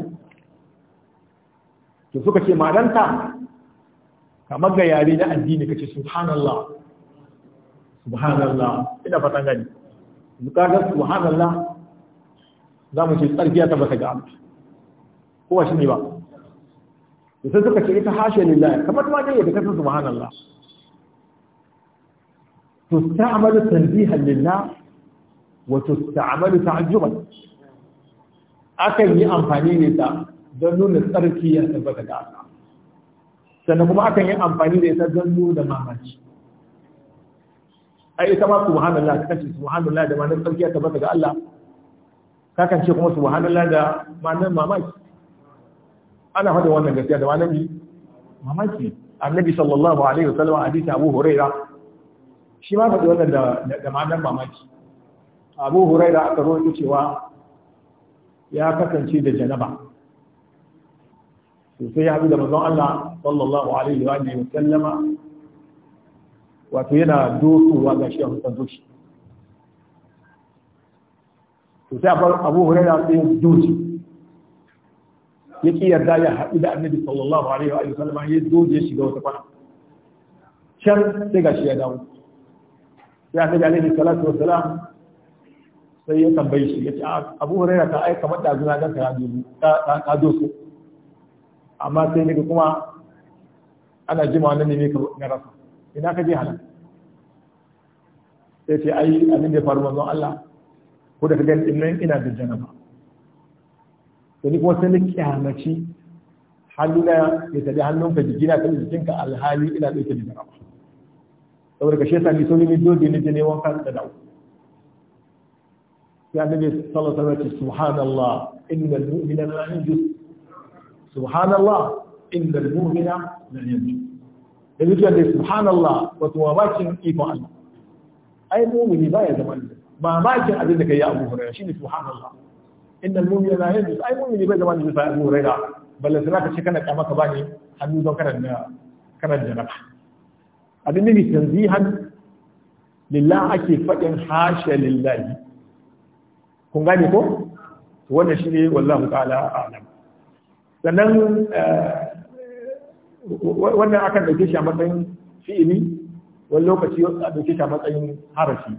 to suka ce ma'ananta kamar ga yare na addini kace subhanallah subhanallah ina fatan gani zukar subhanallah za mu ce tsarkiya ta bata ga Allah kowa shi ne ba da sai suka ce ita hashe lillahi kamar ma dai yadda kasar subhanallah tusta'malu tanbihan lillah wa tusta'malu ta'ajjuban akan yi amfani da ita don nuna tsarki ya tabbata da aka sannan kuma akan yi amfani da ita don nuna mamaci ai ita ma subhanallah ta kace subhanallah da ma'anar tsarki ya tabbata ga Allah ka kan ce kuma subhanallah da ma'anar mamaki ana faɗin wannan gaskiya da ma'anar mamaki annabi sallallahu alaihi wasallam hadisi Abu Huraira shi ma faɗi wannan da da ma'anar mamaki Abu Huraira aka rawaito cewa ya kasance da janaba sai ya haɗu da manzon Allah sallallahu alaihi wa alihi sallama wato yana dokowa ga shi a hutsan doshi to sai abu hurairah sai ya doji ya ki yarda ya haɗu da annabi sallallahu alaihi wa alihi sallama ya doje ya shiga wata kwana can sai ga shi ya dawo sai da alaihi salatu wa salam sai ya tambaye shi ya ce ah, abu huraira ta aika mata zuna don ka ya doso amma sai ne kuma ana ma wani ne ka na rasa ina ka je hana sai ce ai abin da faru manzon Allah ko da ka gani in ina da janaba sai ni kuma sai ni kyamaci hannuna ya tabi hannunka jikina kan jikinka alhali ina ɗauke da janaba saboda ka shesa ni so ni dole ne je ne wanka da dawo يعني النبي صلى الله عليه وسلم سبحان الله إن المؤمن لا ينجز سبحان الله إن المؤمن لا ينجز يجي قال سبحان الله وتوابات إيمان الله أي مؤمن لا يتمنى ما ما كان أبنك يا أبو هريرة شيني سبحان الله إن المؤمن لا ينجز أي مؤمن لا يتمنى يا أبو هريرة بل سلاك شكنا كما كباني حدوثا كان كان جنبها أبنك تنزيها لله أكي فإن حاشا لله kun gane ko wannan shi ne wallahu ta'ala alam sannan eh, wannan akan dauke shi a matsayin fi'ili wani lokaci a dauke shi a matsayin harafi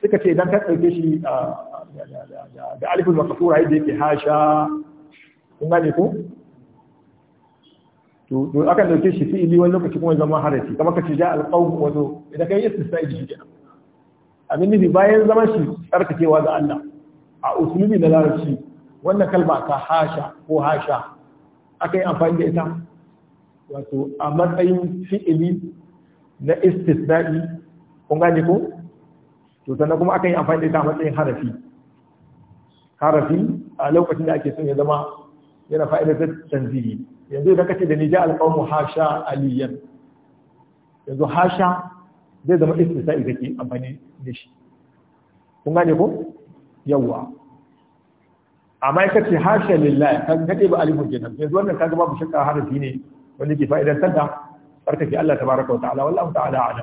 suka ce idan ka dauke shi ah, da alifin makasura yadda yake hasha kun gane ko to akan dauke shi fi'ili wani lokaci kuma zama harafi kamar ka ce ja alqawm wato idan kai istisna'i shi kenan abin nufi bayan zama shi tsarkakewa ga Allah a usulubi na larabci wannan kalma ta hasha ko hasha aka yi amfani da ita wato a matsayin fi'ili na istisna'i kun gane ko to sannan kuma aka yi amfani da ita a matsayin harafi harafi a lokacin da ake son ya zama yana fa'idatar tanzili yanzu ya kace da ni ja hasha aliyan yanzu hasha zai zama istisna'i ke amfani da shi kun gane ko Yawwa. amma ya kace hasha lillahi kan kade ba alifun kenan yanzu wannan kaga babu shakka harafi ne wanda ke fa'idar sanda barkake Allah tabaraka wa ta'ala wallahu ta'ala ala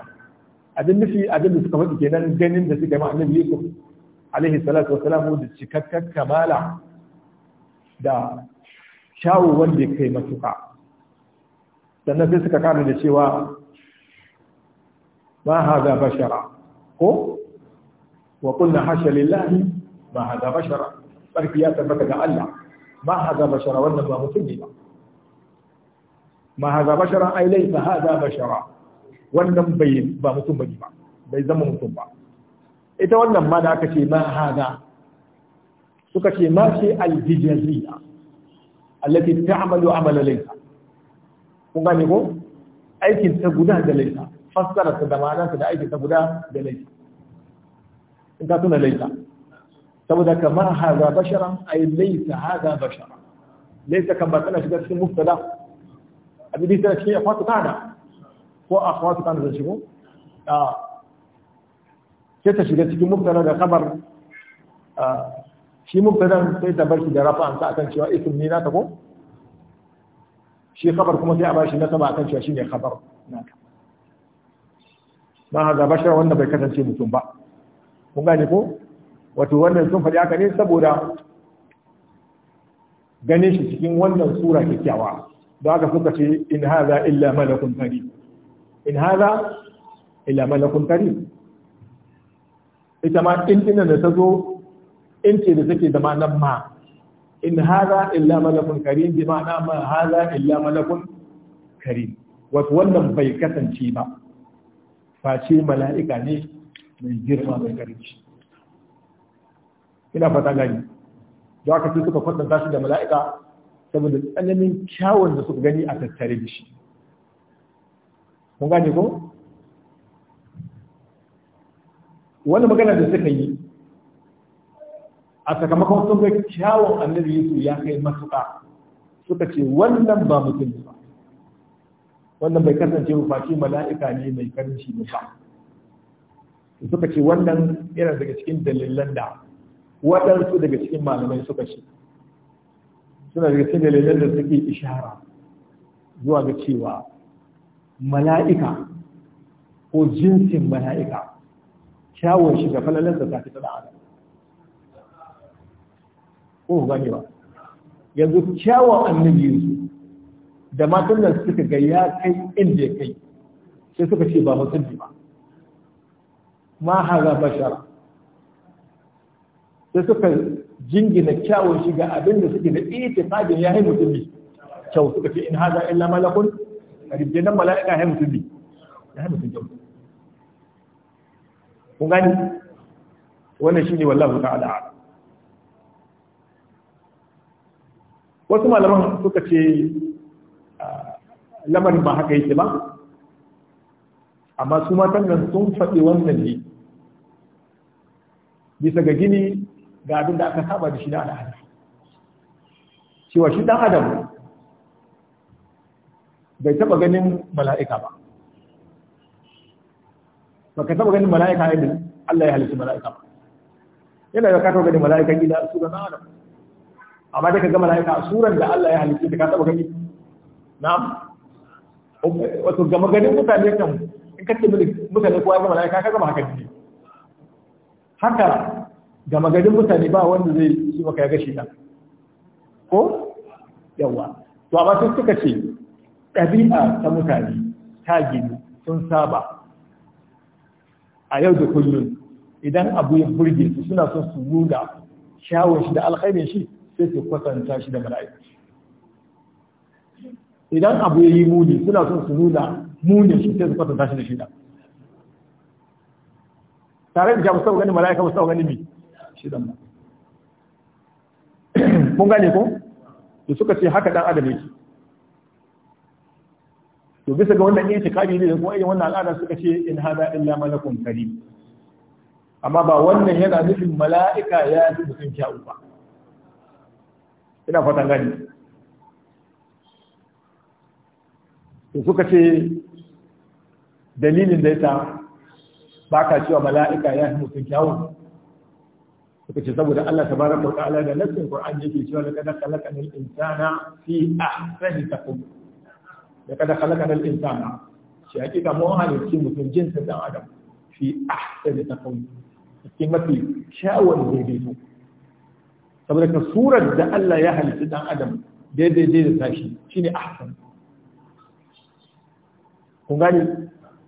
abin nufi abin da suka faɗi kenan ganin da suka yi annabi Yusuf alaihi salatu wa salam da cikakkar kamala da shawo wanda kai matuka sannan sai suka kara da cewa ma haza bashara ko wa qulna hasha lillahi ma haza bashara barki ya tabbata ga Allah ma haza bashara wannan ba mutum ne ba ma haza bashara ai laysa haza bashara wannan bai ba mutum bane ba bai zama mutum ba ita wannan ma da aka ce ma haza suka ce ma ce al-hijaziyya allati ta'malu amala laysa kun gane ko aikin ta guda da laysa fassara ta da ma'anarta da aikin ta guda da laysa in ka tuna laysa saboda ka ma haza bashara a yi laisa haza bashara laisa kan ba tana shiga cikin mubtada abin da tana cikin akwatu kana ko akwatu kana da shigo a sai ta shiga cikin mubtada da kamar shi mubtada sai ta barki shi da rafa an sa'atan cewa ism ne nata ko shi khabar kuma sai a bashi a akan cewa shine khabar naka ma haza bashara wanda bai kasance mutum ba kun gane ko wato wannan sun faɗi haka ne saboda ganin shi cikin wannan sura kyakkyawa don aka suka ce in haza illa malakun kari in haza illa malakun kari ita ma in tunan da ta zo in ce da take zama nan ma in haza illa malakun kari bi ma'ana ma haza illa malakun kari wato wannan bai kasance ba face mala'ika ne mai girma mai karinci ina fata gani da aka ce suka kwatanta shi da mala'ika saboda tsananin kyawun da suka gani a tattare da shi kun gane ko wani magana da suka yi a sakamakon sun ga kyawun annabi yusuf ya kai matuƙa suka ce wannan ba mutum ba wannan bai kasance faki mala'ika ne mai karinci ne ba suka ce wannan yana daga cikin dalilan da waɗansu daga cikin malamai suka ce suna daga cikin dalilan da suke ishara zuwa ga cewa mala'ika ko jinsin mala'ika kyawun shi ga da ta fi tsada adam ko gane ba yanzu kyawun annabi yanzu da matan da suka ga ya kai inda ya kai sai suka ce ba mutum ba ma haza bashara sai suka jingina kyawun shi ga abin da suke da itikadin ya haimu mutumi kyau suka ce in haza illa malakun karibje nan mala'ika haimu tumi ya haimu tumi kyau kun gani wannan ne wallahu ta'ala wasu malaman suka ce ah, lamarin ba haka yake ba amma su matan nan sun faɗi wannan ne bisa ga gini ga abin da aka saba da shi na al'ada cewa shi dan adam bai taba ganin mala'ika ba baka taba ganin mala'ika yadda Allah ya halitta mala'ika ba yana da ka taba ganin mala'ikan gida a suran adam amma da ka ga mala'ika a suran da Allah ya halitta da ka taba gani na'am wato gama ganin mutane kan in kace mutane kowa ga mala'ika ka gama haka ne haka gama garin mutane ba wanda zai yi maka ya gashi ta ko yawa to amma sun suka ce ɗabi'a ta mutane ta gini sun saba a yau da kullum idan abu ya burge su suna son su nuna shawon shi da alkhairin shi sai su kwatanta shi da mala'iku idan abu ya yi muni suna son su nuna munin shi sai su kwatanta shi da shi da tare da sau gani mala'ika musa gani mai shidan ba mun gane ko da suka ce haka dan adam yake to bisa ga wannan kabi ne ko ai wannan al'ada suka ce in hada illa malakun karim amma ba wannan yana nufin mala'ika ya yi mutum kyau ba ina fatan gani to suka ce dalilin da yasa baka cewa mala'ika ya yi mutum kyau suka ce saboda Allah ta tabaraka wa ta'ala da nassin Qur'ani yake cewa laqad khalaqana al-insana fi ahsani taqwim laqad khalaqana al-insana shi hakika mun halicci mutum jinsin dan adam fi ahsani taqwim cikin mafi kyawun daidaito saboda ka surar da Allah ya halitta dan adam daidai daidai da tashi shine ahsan kun gani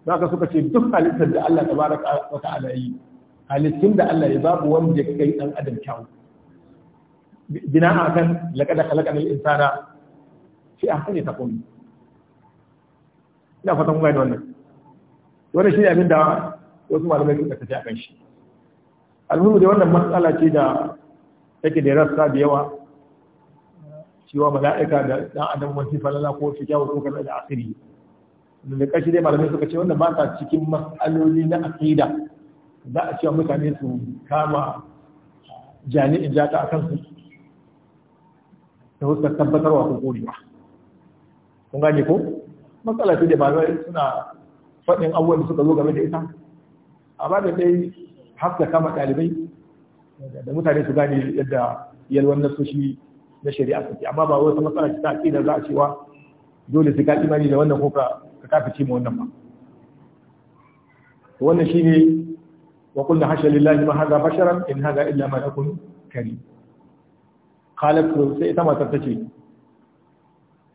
zaka suka ce duk halittar da Allah tabaraka wa ta'ala yi halittun da Allah ya babu wanda ya kai dan adam kyawu bina akan laqad khalaqal insana fi ahsani taqwim ina fatan kuma da wannan Wani shi ne abin da wasu malamai suka tafi kan shi alhumu da wannan matsala ce da take da rassa da yawa cewa mala'ika da dan adam wani falala ko fi kyawu ko kaza da asiri da kashi dai malamai suka ce wannan ba ta cikin matsaloli na aƙida za a cewa mutane su kama jami'in jata a kansu da huskar tabbatarwa ko gorewa kun gane ko matsala su da malamai suna faɗin abubuwan da suka zo game da ita a ba da dai haska kama ɗalibai da mutane su gane yadda yalwan soshi na shari'a suke amma ba wata matsala su ta da za a cewa dole sai ka imani da wannan ko ka ci ma wannan ba wannan shi ne. وقلنا حاشا لله ما هذا بشرا إن هذا إلا ملك كريم قالت سيتما ترتشي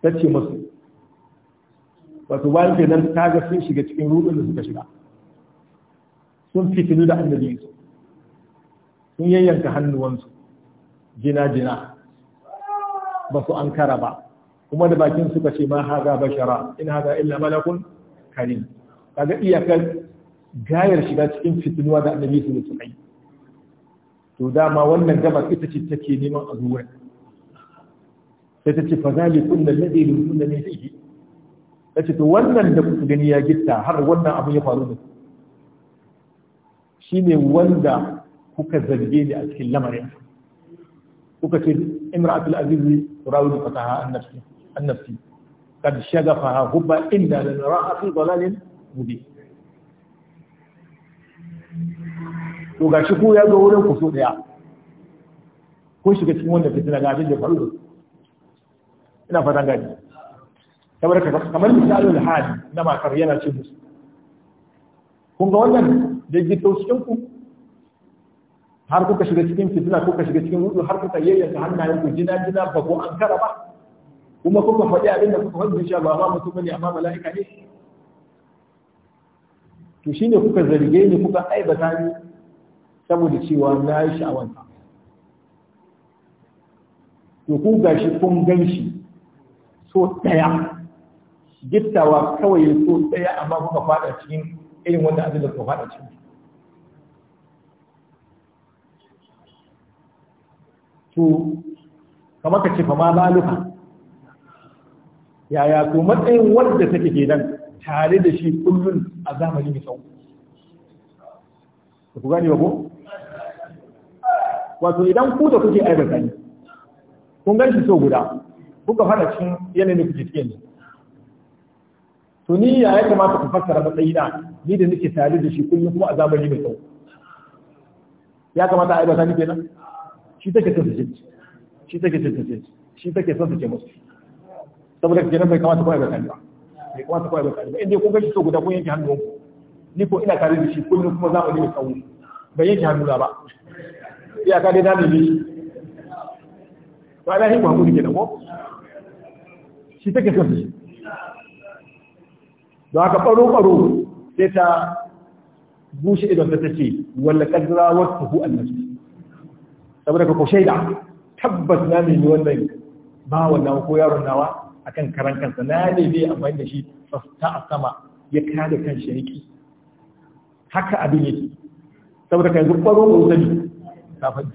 تتشي مصر wato bayan kenan ta ga sun shiga cikin rudin da suka shiga sun fitilu da annabi su sun yayyanka hannuwansu jina-jina ba su ankara ba kuma da bakin suka ce ma haga bashara in haza illa malakun karim kaga iyakar gayar shiga cikin fitinuwa da annabi su da suka yi to dama wannan gabar ita ce take neman a zuwa sai ta ce fa za zalikun da ladai lullun ne fihi ta ce to wannan da kuka gani ya gitta har wannan abin ya faru da Shi shine wanda kuka zarge ni a cikin lamarin kuka ce imra'atul aziz rawi fataha an nafsi an nafsi kad shagafaha hubba inda lanara fi dhalalin mubin to ga shi ku ya zo wurin ku so daya kun shiga cikin wanda fitina ga abin da faru ina fatan gani kamar kamar misalul hal na makar yana cin musu kun ga wannan da gito cikin ku har kuka shiga cikin fitina kuka shiga cikin wudu har kuka yayyanka hannayen ku jina jina ba ko an kara ba kuma kuka faɗi abin da kuka faɗi insha ba ma mutum bane amma mala'ika ne to shine kuka zarge ni kuka aibata ni saboda cewa na yi sha'awansa to ku shi kun gan so ɗaya gittawa kawai so ɗaya amma kuka faɗa cikin irin wanda abin da kuka faɗa cikin to kama ka ce fama zaluka yaya to matsayin wanda take ke nan tare da shi kullum a zamani mai tsawo ku gane ba ko wato idan ku da kuke aibar ni kun gan shi so guda kuka fara cin yanayin kuke cikin to ni ya ya kamata ku fassara matsayi na, ni da nake tare da shi kullum kuma azabar ni mai tsawo ya kamata a aibata ni kenan shi take son su ce shi take son su ce shi take son su ce musu saboda kenan bai kamata ku aibata ni ba bai kamata ku aibata ni ba inda kun gan shi so guda kun yanke hannu ni ko ina tare da shi kullum kuma za mu yi mai tsawo bai yanke hannu ba iyaka dai na nemi ba na yin mahmudi ke da ko shi take son shi Da ka ɓaro-ɓaro sai ta bushe idan ta ce walla wa wata an annabi saboda ka ko shaida tabbas na nemi wannan ba wannan ko yaron nawa akan karan kansa na nemi amfani da shi fasta a sama ya kada kan shi haka abin yake saboda ka yanzu ko zabi kafin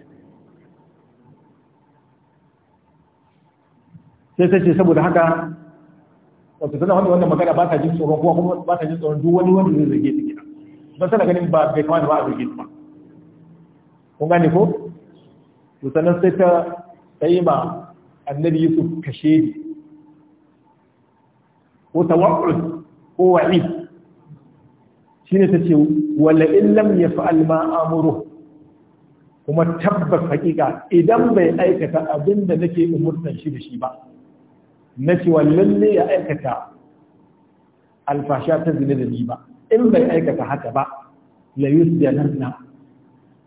sai ta ce saboda haka wata tana wani wannan magana ba ta jin tsoron kuma kuma ba ta jin tsoron duk wani wanda zai zage ta gida ba tana ganin ba bai kamata ba a zage ta ba kun gane ko to sannan sai ta ta ma annabi yusuf kashe ne ko tawakkul ko wa'id ne ta ce wala in lam fa'al ma amuru kuma tabbas hakika idan bai aikata abin da nake umurtan shi da shi ba na cewa ya aikata alfasha ta zina da ni ba in bai aikata haka ba la yusjalanna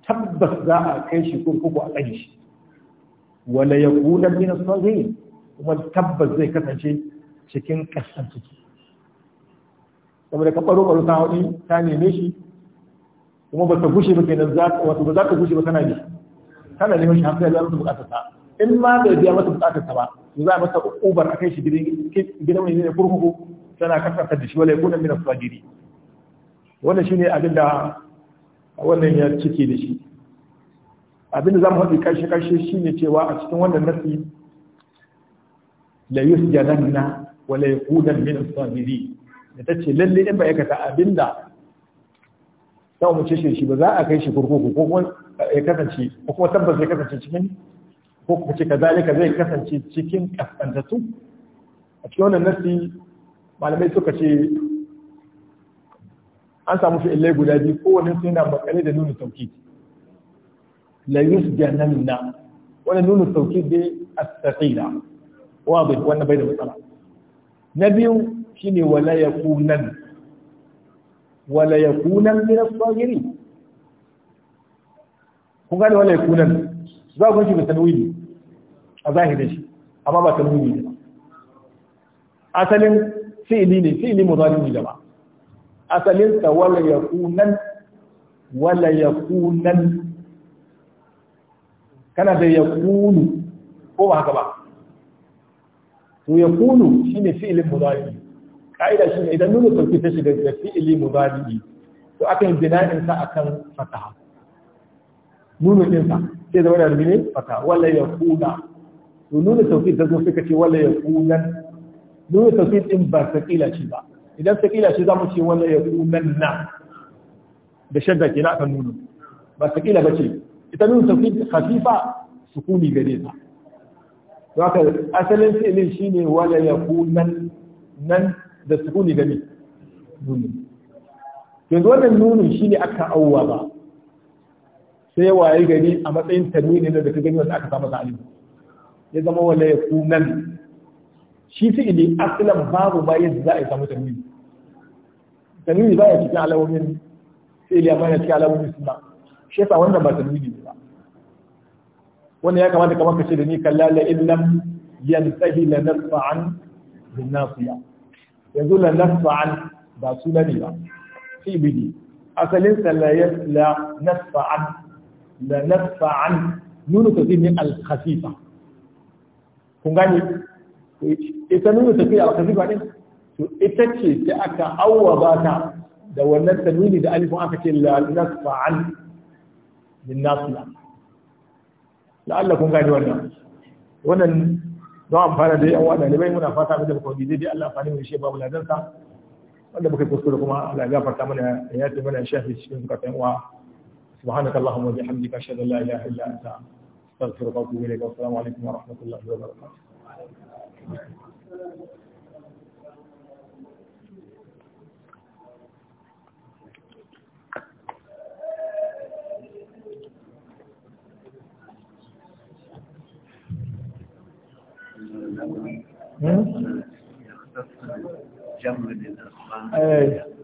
tabbas za a kai shi kurkuku a kai shi wala yakuna min as kuma tabbas zai kasance cikin kasan ciki saboda ka ɓaro baro ta hudi ta neme shi kuma ba ta gushe ba kenan za wato ba za ka gushe ba kana ne kana neman shi hankali za mu bukata sa in ma bai biya masa bukata sa ba to za a masa ubar a kai shi gidan gidan mai ne kurkuku tana kasanta da shi wala yakuna min as-sajiri wannan shine abin da wannan ya cike da shi abin da zamu faɗi karshe karshe shine cewa a cikin wannan nasi la yusjadanna wala yakuna min as-sajiri da tace lalle in ba aikata abinda ta mu shi shi ba za a kai shi kurkuku ko kuma ya kasance ko kuma tabbas zai kasance cikin ko kuma ce kazalika zai kasance cikin kaskantattu a cikin wannan nasi malamai suka ce an samu illai guda biyu kowanne sai na makale da nuna sauki la yusjananna wannan nuna sauki dai astaqila wa bi wannan bai da matsala na biyu shine wala yakunan wala yakunan min as-sagirin kun gane wala yakunan za ku shi da tanwini a zahirin shi amma ba tanwini ne asalin fi'ili ne fi'ili mudari ne jama'a asalin ta wala yakunan wala yakunan kana da yakunu ko ba haka ba to yakunu shine fi'ilin mudari ka'ida shi ne idan nuna sauki ta shiga da fi'ili mubari'i to yi bina'in sa akan fataha nuna din sa sai zama da ne fataha wala kuna to nuna sauki ta zo ka ce wala kuna nuna sauki ɗin ba saƙila ce ba idan saƙila ce za mu ce wala kuna na da shadda na akan nuna ba ba ce. ita nuna sauki khafifa sukuni gare ta haka asalin fi'ilin shine wala kuna nan da sukuni gani yanzu wannan nunin shine aka auwa ba sai waye gani a matsayin ne da ka gani wanda aka samu sa ya zama wala ya kunan shi fi'ili aslan babu ba yadda za a yi samu tanwini tanwini ba ya cikin alawomin fi'ili amma ya ci alawomin suna shi yasa wannan ba tanwini ba wannan ya kamata kamar ka ce da ni kalla la illam yantahi la nasfa'an bin nasiya yanzu la nafa'an ba suna ne ba fi'ili asalin sa la yasla nafa'an la nafa'an nunu ta ne al-khafifa kun gane ita nunu ta fi al ne to ita ce ta aka ba ta da wannan tanwini da alifin aka ce la nafa'an min nasla la'alla kun gane wannan wannan don amfana da yawa dalibai muna fata mu da muka wani daidai Allah amfani a shi ba mu ladansa wanda muka kuskure kuma Allah ya gafarta mana ya yace mana shafi cikin zakatan uwa سبحانك اللهم وبحمدك اشهد ان لا اله الا انت استغفرك واتوب اليك والسلام عليكم ورحمه الله وبركاته Hmm? Evet.